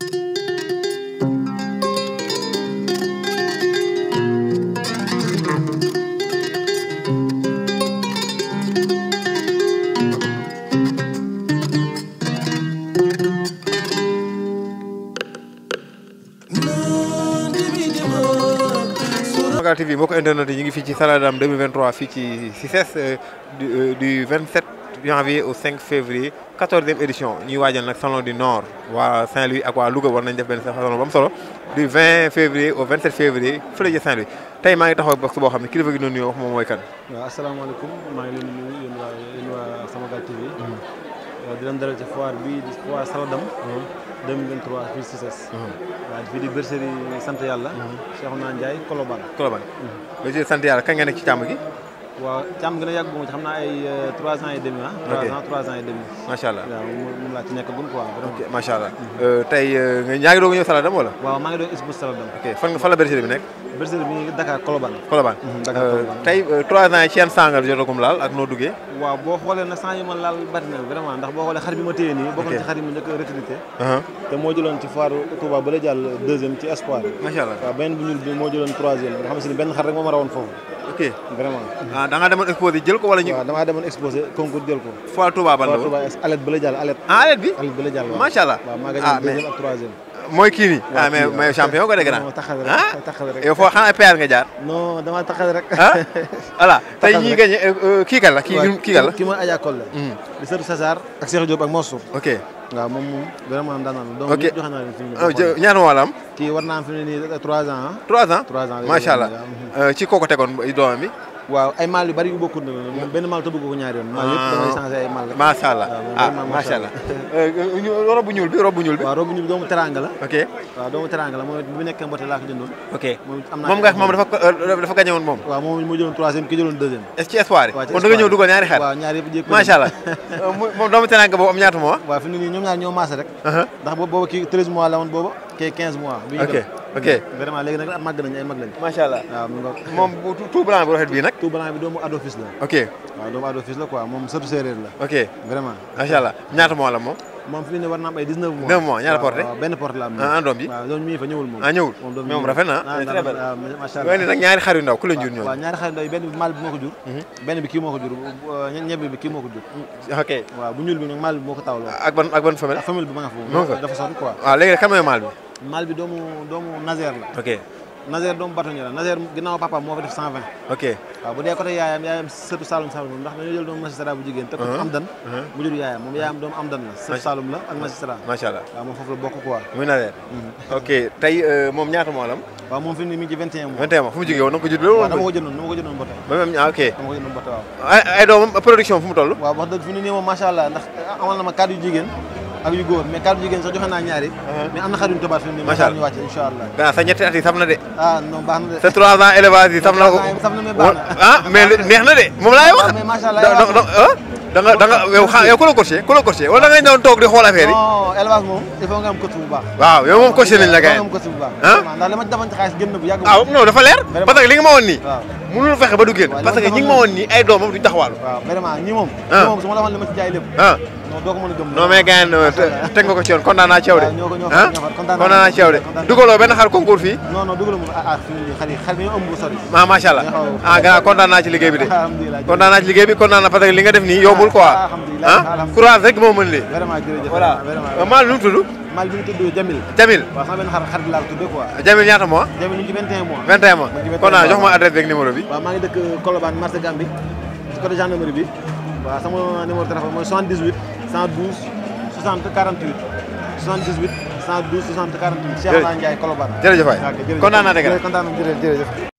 Sénégal TV mbokk internet yi ngi fii ci Saladam 2023 ci euh, du euh, 27 janvier au 5 février 14e édition ñuy waajal nag salon du nord waa Saint-Louis ak waa Louga war nañ def benn salon ba mu solo du 20 février au 27 février fële ca Saint-Louis Tay ma ngi taxaw box bo xamni ne kilifa gi noonu nuyoo wax moom moy kan. Wa waaw asalaamaaleykum ma ngi leen di nuyu yéen waa yéen waa Samagal TV. Mm-hmm. Euh, di leen dalal ci foire bii di foire Saladam. 2023 mm-hmm. fii CICES. Mm-hmm. waaw fii di bergerie sant yàlla. Cheikhouna Ndiaye Colobane. Colobane bergerie sant yàlla kañ nga nekk ci càmm gi. waaw càmm nga a yàgg bu ma ci xam naa ay euh, trois ans et demi ah. trois ans trois demi. macha allah waaw moom laa ci nekk gum quoi. ok macha allah. Euh, tey euh, ñaa ngi doog a ñëw Saladam wala. waaw maa ngi doog a is bu ok fan fan la bergerie bi nekk. bergerie bi ñu Dakar Colobane. Colobane mhm, Dakar euh, euh, trois ans yi seen sangal jotagum ak noo duggee. waaw boo xoolee na sang yi laal bari na ndax boo xoolee xar bi ma téye nii. ok bokkoon ci xar yi ma njëkk a uh-huh. te moo jëloon ci foire Touba ba jàll deuxième ci Espoir. macha allah waaw bu ñuul bi moo jëloon troisième nga xam si ne benn xar rek moo ma rawoon foofu. ok vraiment. ah da exposé jël ko wala ñu. waaw damaa exposé concours jël ko. foire mooy kii nii. ah mais mais champion ko de grand. non taxal rek ah? taxal rek yow foo xanaa PR nga jaar. non damaa taxal rek. ah voilà tey ñii gagné euh, euh, kii kan la kii kii kan la. kii mooy Adja Kolle. Hmm. di seetu Sassar ak Cheikh Diop ak Mansour. ok waaw moom moom vraiment daan naa la. ok donc joxe naa oh, ñaata wàll am. kii war naa am fi mu ne nii 3 euh, ans ah. 3 ans 3 ans macha allah ci kooku tegoon doomam bi. waaw ay maal yu bari yu bokkul na la benn maal te bëgg ko ñaari yoon. maal yëpp ah. damay changé ay maal la. macha allah ah macha allah. ko da nga ñëw dugal ñaari xaar. waaw ñaari yëpp jékkoon macha euh, rek. Uh-huh. ndax boobu kii 13 mois la woon booba kii 15 mois. bi ñu ok vraiment léegi nag màgg nañu ay mag lañu. macha allah waaw moom bu tout blanc bi rafet bii nag. tout blanc bi doomu Ado Fils la. ok waaw doomu Ado Fils la quoi moom sëtu séeréer la. ok vraiment. macha allah ñaata mois la moom. moom fi mu ne war na am ay 19 mois. 9 mois ñaata porté benn porté la am. ah doom bi waaw fa ñëwul moom. ah ñëwul moom rafet na ah. très belle allah nag ñaari ndaw ku la jur ñooñu. waaw ñaari xar benn bi maal bi moo ko jur. Mhm. benn bi kii moo ko jur ñebe bi kii moo ko jur. ok waaw bu ñuul bi nag maal bi moo ko tawloo. ak mal bi doomu doomu Nazer la. ok Nazer doomu batoñe la Nazer ginnaaw papa moo fa def 120. ok waaw bu dee côté yaayam yaayam sëtu Saloum Saloum ndax dañoo jël doomu magistrat bu jigéen. te ko uh-huh. am dan uh-huh. mu jur yaayam moom yaayam doomu am dan la. sëtu Saloum la ak magistrat. macha allah mm-hmm. euh, fi mu toll. waaw wax dëgg fi mu ne nii moom macha allah ndax amal na ma kàddu jigéen ak yu góor mais kàddu jigéen sax joxe naa ñaari. Uh-huh. mais am na xar yu ñu tëbaat fii nii. macha allah ñu wàcc incha de. ah non baax na de. baax ah, na de moom laay wax. mais macha allah ah, da nga da nga da nga da ngay doon toog di xool affaire yi. non moom il faut nga nañ la gars yi. waaw ah? ndax dafa leer parce que li mënul fexe ba du génn parce que ñi ngi ma woon nii ay doomam duñ taxawal. waaw vraiment ñi moom. Ah. ñi moom su ma la waxoon li ma ci jaay lépp. Ah. non doo ko mën a gëm. non mais gars yi ah, teg nga ko ci yoon kontaan naa ci yow de. ñoo ko ñoo kontaan naa ci yow de. dugaloo benn xar concours fii. non non dugaloo moom ah ah xar yi xar yi ñoo ëmb sori. ah macha allah ah gars kontaan naa ci liggéey bi de. alhamdulilah kontaan naa ci liggéey bi kontaan naa parce que li nga def nii yombul quoi. alhamdulilah alhamdulilah ah courage rek moo mën lii. vraiment jërëjëf voilà euh, maa lu mu tudd mal bi tuddu Jamil Jamil waaw sama benn xar xar laa tudde quoi Jamil ñaata mois Jamil ñu ci 21 mois 21 mois kon na jox ma adresse rek numéro bi waaw ma ngi dëkk Colobane marché Gambie ci côté gendarmerie bi waaw sama numéro téléphone mooy 78 112 60 48 78 112 60 48 Cheikh Ndiaye Colobane jërëjëf waay kontaan naa dëgg kontaan naa jërëjëf